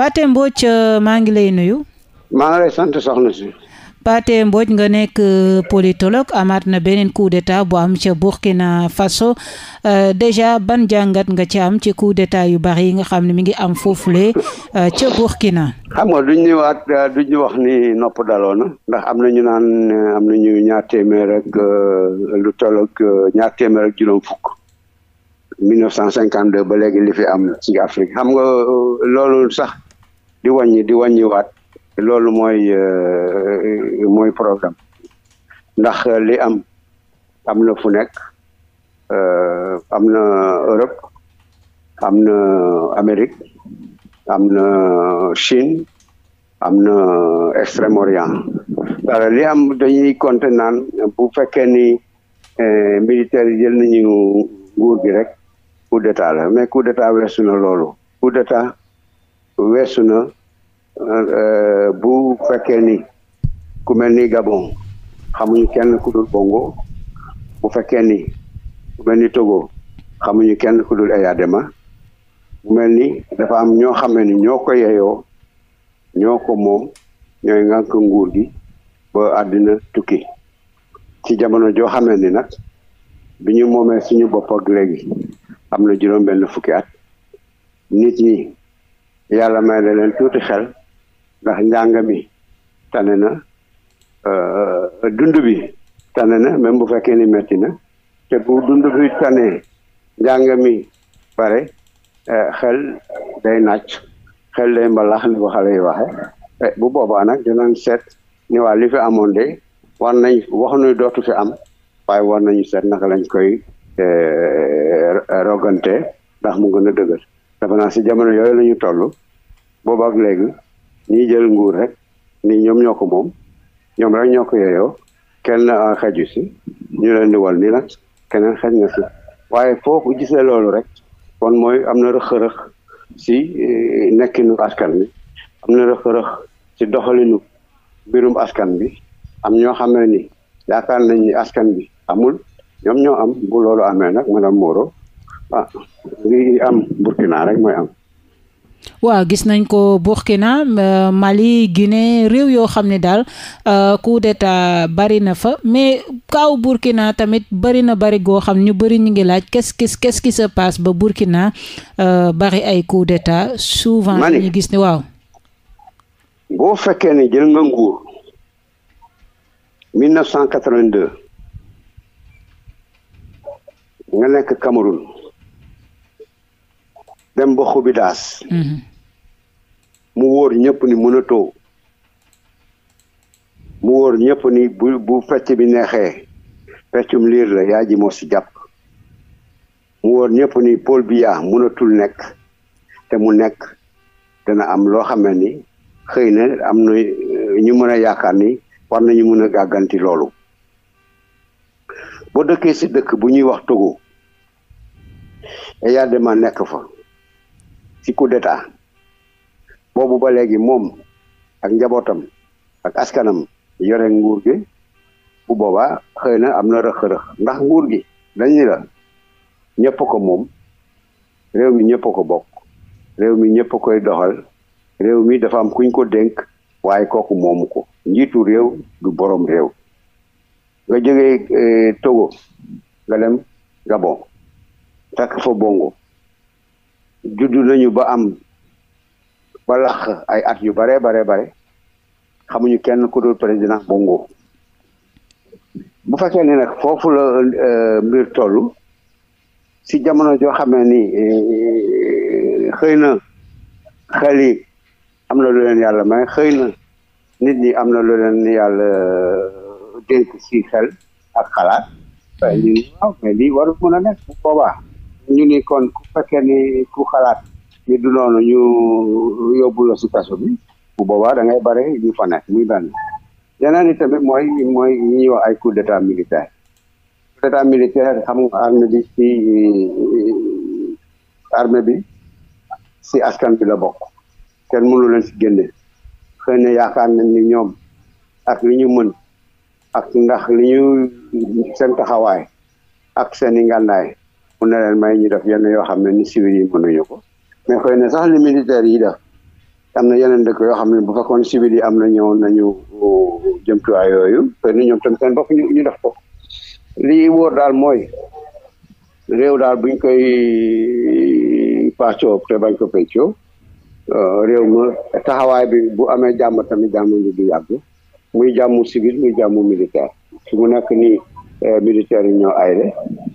Pathé Mbodj euh, maa ngi lay nuyu. maa ngi lay sant soxna si. Pathé Mbodj nga nekk euh, politologue amaat na beneen coup d'état bu am ca Burkina Faso euh, déjà ban jàngat nga ci am ci coup d'état yu bari yi nga xam ne mi ngi am foofule ca Burkina. xam nga duñ ñu waat duñ ñu wax ni nopp daloo na ndax am na ñu naan am na ñu ñaar téeméer ak lu toll ak ñaar téeméer ak juróom fukk. ba léegi li fi am ci Afrique xam nga loolu sax. di wàññi di wàññiwaat loolu mooy euh, mooy problème ndax euh, li am am na fu nekk euh, am na Europe am na Amérique am na Chine am na Extrême-Orient li am dañuy compter bu fekkee ni militaires yi jël nañu nguur gi rek coup d'état la mais coup d'état weesu na loolu coup weesu na euh, bu fekkee ni ku mel ni Gabon xamuñu kenn ku dul Bongo bu fekkee ni ku mel ni Togo xamuñu kenn ku dul Eyadema bu mel ni dafa am ñoo xam ne ni ñoo ko yeyoo ñoo ko moom ñooy ngànk nguur gi ba àddina tukki ci jamono joo xamee ni nag bi ñu moomee suñu bopp ak léegi am na juróom at nit ñi yàlla may na leen tuuti xel ndax njàng mi tane na euh, dund bi tane na même bu fekkee ni metti na te bu dund tane njàng mi bare euh, xel day nàcc xel day mbalax ni ko xale yi waxe e, bu boobaa nag dinañ set ni waa li fi amoon de war nañ wax nu dootu fi am waaye war nañu seet na lañ koy euh, rogante ndax mu gën a dëgër dafa naa si jamono yooyu la ñu toll boobu léegi ñii jël nguur rek ni ñoom ñoo ko moom ñoom rek ñoo ko yeyoo kenn xaju si ñu leen di wal ni la keneen xaj na si waaye foofu gisee loolu rek kon mooy am na rëq-rëq si eh, nekkinu askan bi am na rëq-rëq si doxalinu mbirum askan bi am ñoo xam ne ni yaakaar nañ ni askan bi amul ñoom ñoo am bu loolu amee nag madame ah lii am Burkina rek mooy am. waaw gis nañ ko Burkina euh, Mali Guinée réew yoo xam ne daal euh, coup bari na fa mais kaaw Burkina tamit bari na bari goo xam ñu bari ñu ngi laaj qu'est-ce qui qu'est-ce qui se ba Burkina euh, bari ay coup d'état souvent. gis ne waaw. nga nekk Cameroun. dem ba xubi daas mm-hmm. mu wóor ñëpp ni mënatoo mu wóor ñëpp ni bu bu fecc bi neexee feccum liir la yaa ji moo si jàpp mu wóor ñëpp ni Paul Biya mënatul nekk te mu nekk dana am loo xam ni xëy na am na eh, ñu mën a yaakaar ni war nañu mën a gàgganti loolu boo dëkkee si dëkk bu ñuy wax Togo et yaa demaa nekk fa ci coup d'état ba léegi moom ak njabootam ak askanam yore nguur gi bu boobaa xëy na am na rëx ndax nguur gi dañu la ñëpp ko réew mi ñëpp ko bokk réew mi ñëpp koy doxal réew mi dafa am kuñ ko dénk waaye kooku moomu ko njiitu réew du borom réew nga jógee eh, Togo nga dem Gabon takk fa Bongo juddu nañu ba am ba ay at yu bare bare bare xamuñu kenn ku dul président Bongo bu fekkee ni nag foofu la euh, mbir toll si jamono joo xamee ni euh, xëy na xel yi am na lu leen yàlla may xëy na nit ñi am na lu leen yàlla euh, dénk si xel ak xalaat waaye lii a nekk bu ñu ni kon ku fekkee ni ku xalaat ni du noonu ñu yóbbu la si kaso bi bu boobaa da ngay bare ñu fa nekk muy benn yeneen ni tamit mooy mooy ñi ñuy wax ay coup d'état militaire coup d'état militaire xam nga armée bi si armée bi si askan bi la bokk kenn mënu leen si génne xëy yaakaar nañ ni ñoom ak li ñu mën ak ndax li ñu seen taxawaay ak seen i ngànnaay mun na leen may ñu def yenn yoo xam ne ni civil yi mënuñu ko mais xëy na sax li militaire yi def am na yeneen dëkk yoo xam ne bu fekkoon civil yi am na ñëw nañu jëmtuwaay yooyu xëy na ñoom tam seen bopp ñu def ko lii wóor daal mooy réew daal buñ koy pàccoo te bañ ko peccoo euh, réew ma taxawaay bi bu amee jàmm tamit jàmm li du yàgg muy jàmmu civil muy jàmmu militaire su mu nekk nii euh, militaire yi ñoo aay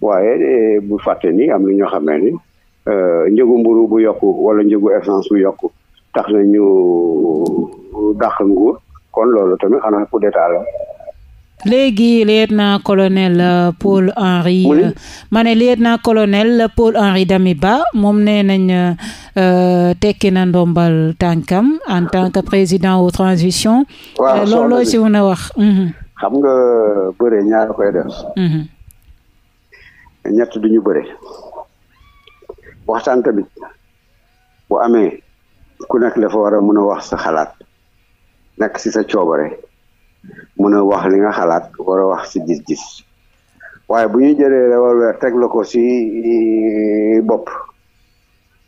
waaye eh, bu fàtte ni am na ñoo xamee ni euh, njëgu mburu bu yokku wala njëgu essence bu yokku tax na ñu dàq nguur kon loolu tamit xanaa coup d'état la léegi lieutenant colonel euh, Paul euh, ne lieutenant colonel Paul Henri Damiba moom nee nañ tekki na ndombal tànkam en tant que président au transition loolu si mën wax mhm. xam nga bëre ñaar koy def mhm. ñett duñu bëre waxtaan tamit bu amee ku nekk dafa war a mën a wax sa xalaat nekk si sa coobare mën a wax li nga xalaat war a wax si gis-gis waaye bu ñu jëlee revolver teg la ko ci eh, bopp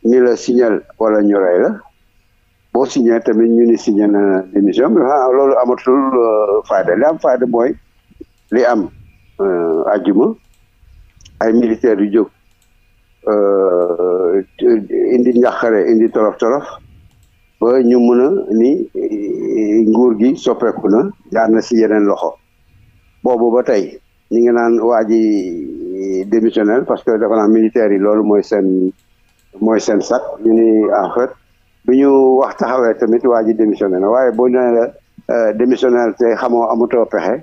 ni la signal wala ñu rey la boo signé tamit ñu ni signé na émission bi ah, loolu amatul euh, fayda li am fayda mooy li am àjjuma euh, ay militaires yu jóg euh, indi njàqare indi torof torof ba ñu mën a ni eh, nguur gi soppeeku na jaar si yeneen loxo boobu ba tey ñu ngi naan waa ji eh, démissionnel parce que dafa naa militaires yi loolu mooy seen mooy seen sac ñu ni en fait ñu wax taxawee tamit waa ji démissionnel waaye boo nee la euh, te xamoo amuto pexe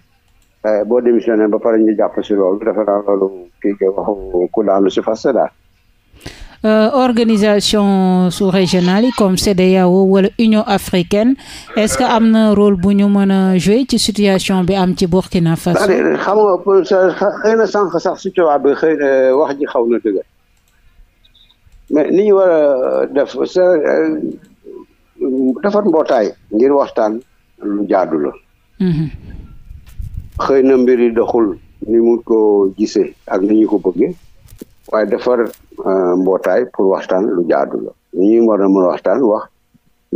Eh, boo démissionné ba pare ñu jàpp si loolu defe naa loolu kii nga waxu ku daanu si fas daal. Euh, organisation sous-régionale yi comme CEDEAO wala Union africaine est-ce que am na rôle bu ñu mën a jouer ci situation bi am ci Burkina Faso. xam nga xëy na sànq sax si tubaab bi xëy na euh, wax ji xaw na dëgg mais ni ñu war euh, def sa euh, mbootaay ngir waxtaan lu jaadu xëy na mbir yi doxul ni mu ko gisee ak ni ñu ko bëggee waaye defar euh, mbootaay pour waxtaan lu jaadu la ni ñuy war a mën a waxtaan wax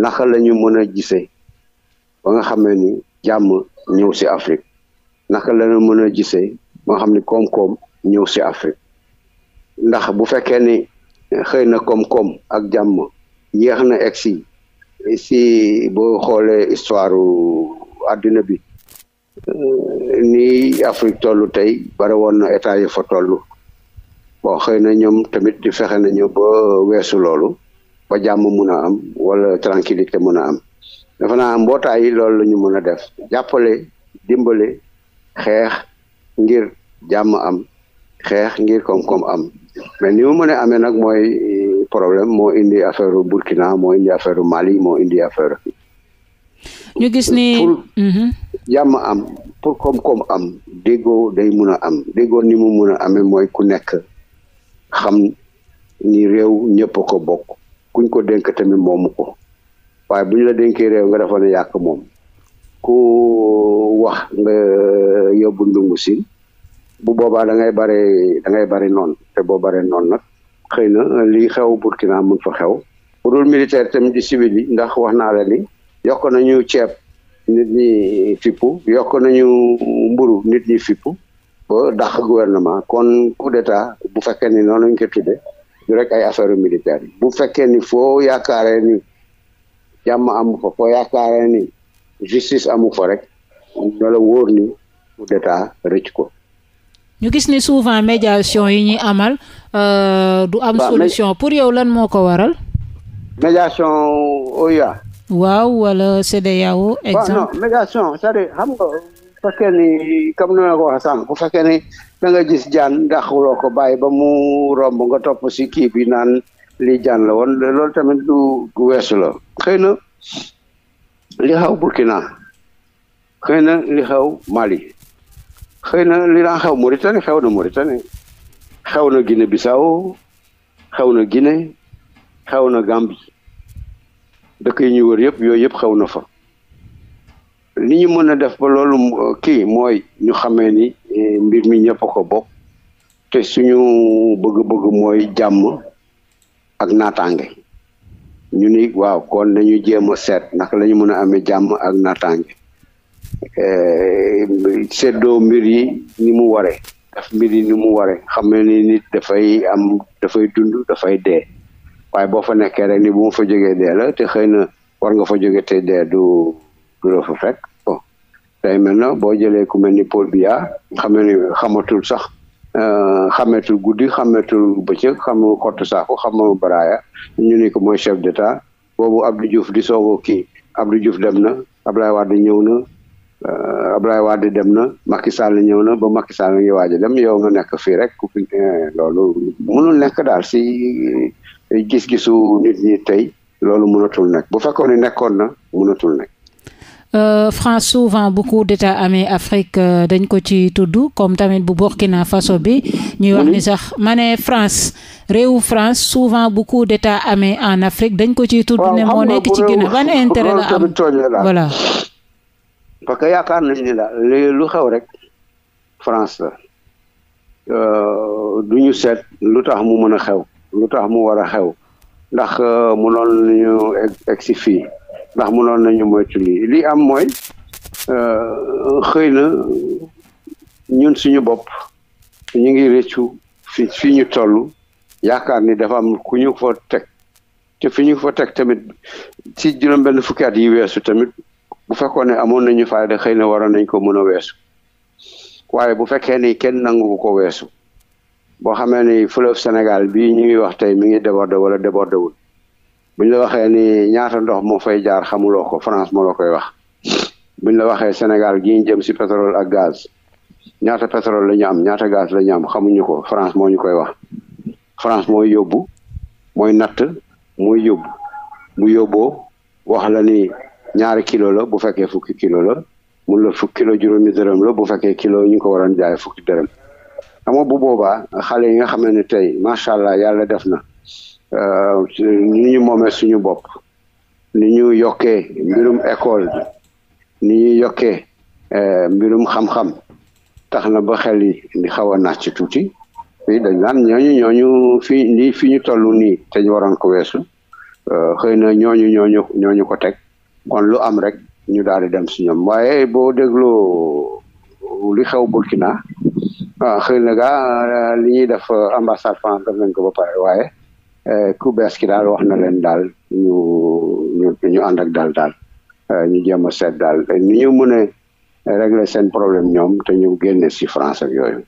naka la ñu mën a gisee ba nga xam ne ni jàmm ñëw si Afrique naka la ñu mën a gisee ba nga xam ni koom-koom ñëw si Afrique ndax bu fekkee ni euh, xëy na koom-koom ak jàmm yéex na egg si si boo xoolee histoire àddina bi ni Afrique toll tey bare woon na état yi fo toll bon xëy na ñoom tamit di fexe nañu ba weesu loolu ba jàmm mun a am wala tranquillité mun a am dafa naa mbootaay yi loolu la ñu mun a def jàppale dimbale xeex ngir jàmm am xeex ngir koom-koom am mais ni mu mën a nag mooy euh, problème moo indi affaire Burkina moo indi affaire Mali moo indi affaire. ñu gis jàmm am pour koom-koom am dégo day mun a am dégo ni mu mun a amee mooy ku nekk xam ni réew ñëpp ko bokk kuñ ko dénk tamit moomu ko waaye bu ñu la dénkee réew nga dafa ne yàq moom ku wax nga yóbbu ndungu si bu boobaa da ngay bare da ngay noonu te boo bare noon nag xëy na lii xew Burkina mun fa xew bu dul militaire tamit di civil yi ndax wax naa la ni yokk nañu ceeb nit ñi fippu yokk nañu mburu nit ñi fippu ba dàq gouvernement kon coup d'état bu fekkee ni noonu lañ ko tuddee du rek ay affaire militaire bu fekkee ni foo yaakaaree ni jàmm amu fa foo ni justice amu rek ne la wóor ni coup ko. ñu gis ni souvent médiation yi ñuy amal euh, du am solution pour yow lan moo ko waral. médiation OUA oh waaw wala CEDEAO. exemple waaw non xam nga bu fekkee ni comme ni ma la ko waxee gis jaan daxuloo ko bàyyi ba mu romb nga topp si kii bi naan lii jaan la woon loolu tamit du weesu la xëy na li xaw Burkina xëy na li xew Mali xëy na li daan xew Mauritanie xew na Mauritanie xew na Guinée Bissau xew na Guinée xew na Gambie dëkk yi ñu wër yëpp yooyu yëpp xew na fa li ñu mën a def ba loolu kii mooy ñu xamee ni e, mbir mi ñëpp a ko bokk te suñu bëgg-bëgg mooy jàmm ak naataange ñu ni waaw kon nañu jéem a seet naka lañu mën a ame jàmm ak naataange e, seddoo mbir yi ni mu waree mbir yi ni mu ware xam ne ni dafay am dafay dund dafay dee waaye boo fa nekkee rek ni bu ma fa jógee dee la te xëy na war nga fa jóge te dee du du la fa fekk bon tey boo jëlee ku mel ni Paul Biya xam ne xamatul sax euh, xametul guddi xametul bëccëg xamul xottu saako xamul baraaya ñu ni ko mooy chef d'état boobu Abdou juuf di soogoo kii Abdou juuf dem na Abdoulaye Wade ñëw na euh, Abdoulaye Wade dem na Macky Sall ñëw na ba Macky Sall ngi waaj dem yow nga nekk fii rek ku fi euh, loolu mënul nekk daal si gis-gisu nit ñi tey loolu mënatul nag bu fekkoon ne nekkoon na mënatul nag. Euh, France souvent bu beaucoup d'états amee Afrique euh, dañ ko ci tudd comme tamit bu Burkina Faso bi ñuy wax ni sax ma France réew France souvent bu beaucoup d'états amee en Afrique dañ ko ciy tudd ne moo nekk ci Guinée ban intérêt la am voilà parce que yaakaar nañ ni la lu xew rek France la euh, du ñu seet lu tax mu mën a xew lu tax mu war a xew ndax mu euh, mënoon nañu egg si fii ndax mënoon nañu moytu lii li am mooy euh, xëy na ñun suñu bopp ñu ngi rëccu fi fii ñu toll yaakaar ni dafa am ku ñu fa teg te fi ñu fa teg tamit ci juróom benn fukki yi weesu tamit bu fekkoon ne amoon nañu fayda xëy na waroon nañ ko mën a weesu waaye bu fekkee ni kenn nangu ko weesu boo xamee ni fleuve Sénégal bii ñu ngi wax te mi ngi débordé wala débordé wul bu ñu la waxee ni ñaata ndox moo fay jaar xamuloo ko France moo la koy wax bu la waxee Sénégal gi jëm si pétrole ak gaz ñaata pétrole la ñu am ñaata gaz la ñu am xamuñu ko France moo ñu koy wax France mooy yóbbu mooy natt mooy yóbbu mu yóbboo wax la ni ñaari kilo la bu fekkee fukki kilo la mun la fukki kilo juróomi dërëm la bu fekkee kilo ñu ko waroon jaay fukki dërëm xam nga bu boobaa xale yi nga xam ne tey macha allah yàlla def na euh, ni ñu moomee suñu bopp ni ñu yokkee mbirum école ni ñu yokkee euh, mbirum xam-xam tax na ba xel yi di xaw a nàcc tuuti fii dañ naan fii nii fi ñu toll nii te ñu waroon ko weesu euh, xëy na ñooñu ñooñu ko teg kon lu am rek ñu daal di dem si ñoom waaye boo dégloo lu xew Burkina waaw ah, xëy na gaa ah, li ñuy def ah, ambassade France def nañ ko ba pare waaye eh, ku bees ki daal wax na leen daal ñu ñu ànd ak daal daal eh, ñu jéem a seet daal eh, ni ñu mën a régler seen problème ñoom te ñu génne si France ak yooyu.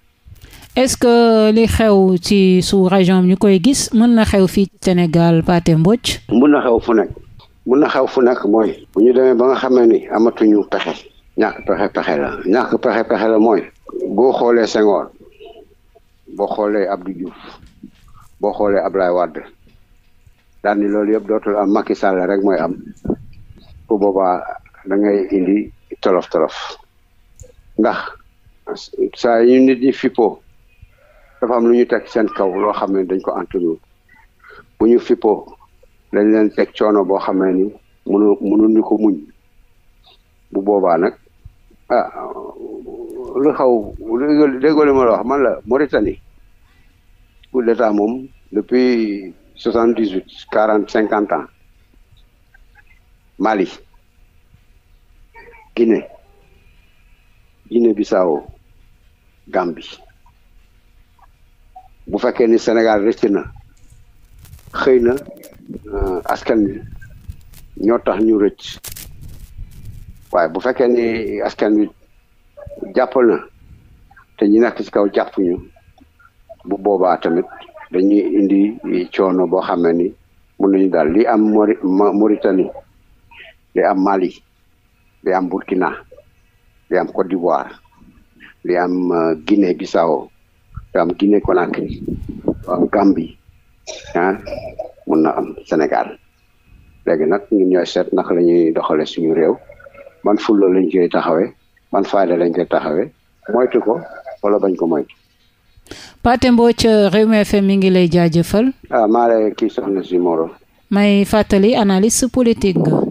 est-ce que li xew ci sous région ñu koy gis mën na xew fii Sénégal pate Mbodj mun na xew fu nekk mun na xew fu nekk mooy bu ñu demee ba nga xamee ni amatuñu pexe ñàkk pexe pexe la ñàkk pexe pexe la mooy boo xoolee Senghor boo xoolee Abdou Diouf boo xoolee Ablaye Wade daal ni loolu yëpp dootul am Macky Sall rek mooy am bu booba dangay indi tolof tolof ndax saa yu nit ñi fippoo dafa am lu ñu teg seen kaw loo xam ne dañ ko entouré bu ñu fippoo dañ leen teg coono boo xam ne ni mënu mënuñu ko muñ bu boobaa nag a ah, lu xaw déggoo li ma la wax man la Mauritanie coup d'état depuis soixante dix huit quarante cinquante ans Mali Guinée Guinée Bissau Gambie bu fekkee ni Sénégal rëcc na xëy na uh, askan wi ñoo tax ñu bu fekkee wi jàpp na te ñi nekk ci kaw jàpp ñu bu boobaa tamit dañuy indi coono boo xam ne ni mun nañu daal li am Mori Mauritanie li am Mali li am Burkina li am Côte d'Ivoire li am euh, Guinée Bissau li am Guinée Conakry am Gambie ah mun na am Sénégal léegi nag ñooy seet naka la ñuy doxale suñu réew man fulla lañ koy taxawee man faale lañ koy taxawee moytu ko wala bañ ko moytu. Pathé Mbodj euh, Rewmi FM mi ngi lay jaajëfal. ah maa lay kii soxna si Moreau. may fàttali analyste politique